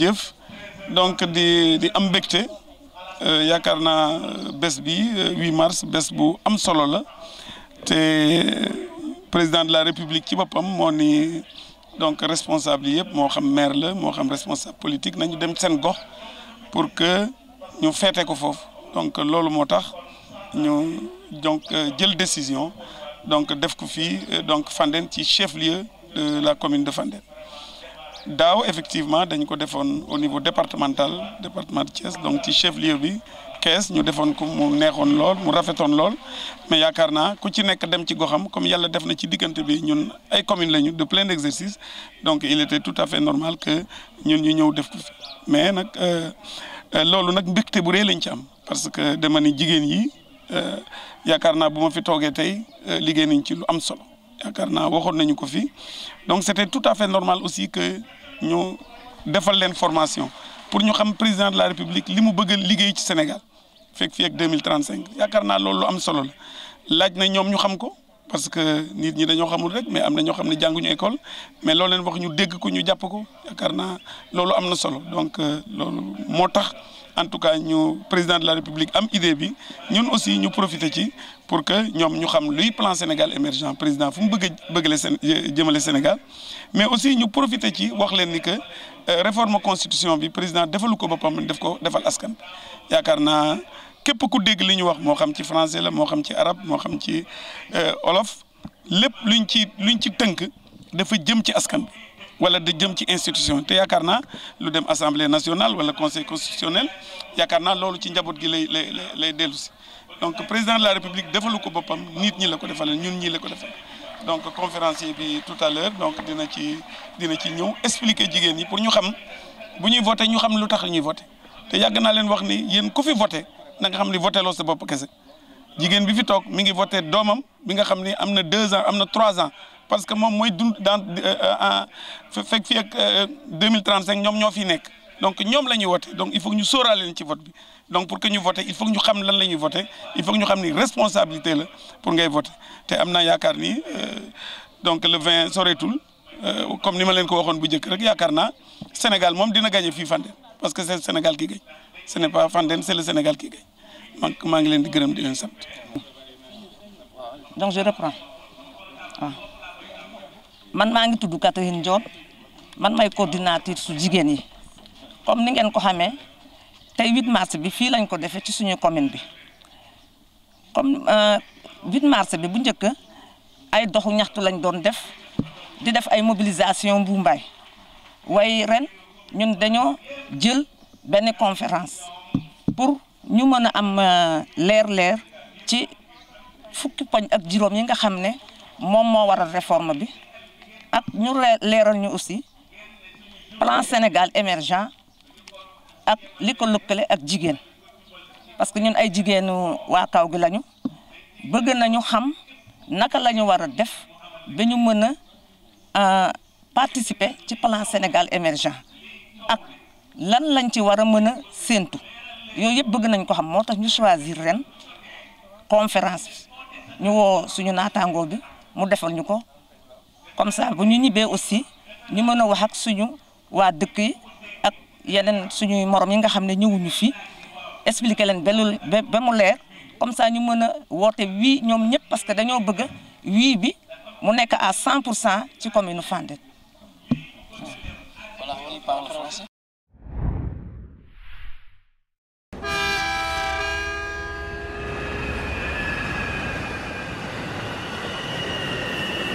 jëf donc di di am mbégte euh, yaakaar naa euh, bés bi 8 euh, mars bés bu am solo la te président de la république ci boppam moo ni donc responsable yi yëpp moo xam maire la moo xam responsable politique nañu dem seen gox pour que ñu feete ko foofu donc loolu moo tax ñu donc jël décision donc def ko fii donc Fandène ci chef lieu de la commune de Fandène daaw effectivement dañ ko defoon au niveau départemental département de Thiès donc ci chef lieu bi Kees ñu defoon ko mu neexoon lool mu rafetoon lool mais yaakaar naa ku ci nekk dem ci goxam comme yàlla def na ci diggante bi ñun ay commune lañu de plein exercice donc il était tout à fait normal que ñun ñu ñëw def ko fi mais nag euh, euh, loolu nag mbégte bu rëy lañ ci am parce que dama ni jigéen yi euh, yaakaar naa bu ma fi toogee tey liggéey nañ ci lu am solo. yaakaar naa waxoon nañu ko fi donc c' était tout à fait normal aussi que ñu defal leen formation pour ñu xam président de la république li mu bëgg a liggéey ci Sénégal fekk fii ak deux mille trente cinq yaakaar naa loolu am solo la laaj na ñoom ñu xam ko parce que nit ñi dañoo xamul rek mais am na ñoo xam ne jànguñu école mais loolu leen wax ñu dégg ko ñu jàpp ko yaakaar naa loolu am na solo donc euh, loolu moo tax. en tout cas ñu président de la république am idée bi ñun aussi ñu profiter ci pour que ñoom ñu xam luy plan Sénégal émergent président fu mu bëgg a bëggale seen jëmale Sénégal mais aussi ñu profiter ci wax leen ni que euh, réforme constitution bi président defalu ko boppam def ko defal askan yaakaar naa képp ku dégg li ñu wax moo xam ci français la moo xam ci arab moo xam ci euh, olof lépp luñ ci luñ ci tënk dafa jëm ci askan wala de jëm ci institution te yaakaar naa lu dem assemblée nationale wala conseil constitutionnel yaakaar naa loolu ci njaboot gi lay lay lay dellu si donc président de la république defalu ko boppam nit ñi la ko defale ñun ñii la ko defal donc conférencier bi tout à donc dina ci dina ci ñëw expliquer jigéen ñi pour ñu xam bu ñuy voté ñu xam lu tax ñuy voté te yàgg naa leen wax ni yéen ku fi voté na nga xam ni voté sa bopp kese. jigéen bi fi toog mi ngi voté doomam bi nga xam ni am na deux ans am na trois ans parce que moom mooy dund dans euh, euh, fekk fi ak euh, deux mille trente cinq ñoom ñoo fi nekk donc ñoom la ñuy voté donc il faut ñu sóoraale leen ci vote bi donc pour que ñu voté il faut ñu xam lan la ñuy voté il faut que ñu xam ni responsabilité la pour ngay voté te am na yaakaar ni donc le vingt soreetul comme ni ma leen ko waxoon bu njëkk rek yaakaar naa Sénégal moom dina gagné fii Fandène parce que c'est Sénégal qui gagne ce n'est pas Fandène c'est le donc maa ngi leen di gërëm di leen sant. donc je ah. man maa ngi tudd Catherine Diop man may coordinatrice su jigéen yi comme ni ngeen ko xamee tey 8 mars bi fii lañ ko defee ci suñu commune bi comme 8 euh, mars bi bu njëkk ay doxu ñaxtu lañ doon def di def ay mobilisation bu mbay waaye ren ñun dañoo jël benn conférence pour. ñu mën a am euh, leer-leer ci fukki poñ ak juróom yi nga xam ne moom moo waral réforme bi ak ñu leeral ñu aussi plan Sénégal émergent ak li ko lëkkale ak jigéen parce que ñun ay jigéenu waa kaw gi lañu bëgg nañu xam naka la ñu war a def ba ñu mën a euh, participer ci plan Sénégal émergent ak lan lañ ci war a mën a séentu yooyu yëpp bëgg nañ ko xam moo tax ñu choisir ren conférence ñu woo suñu naataangoo bi mu defal ñu ko comme ça bu ñu ñibbee aussi ñu mën a wax ak suñu waa dëkk yi ak yeneen suñuy morom yi nga xam ne ñëwuñu fi expliquer leen ba ba mu leer comme ça ñu mën a woote wii ñoom ñëpp parce que dañoo bëgg wii bi mu nekk à 100 pour cent ci commune Fandène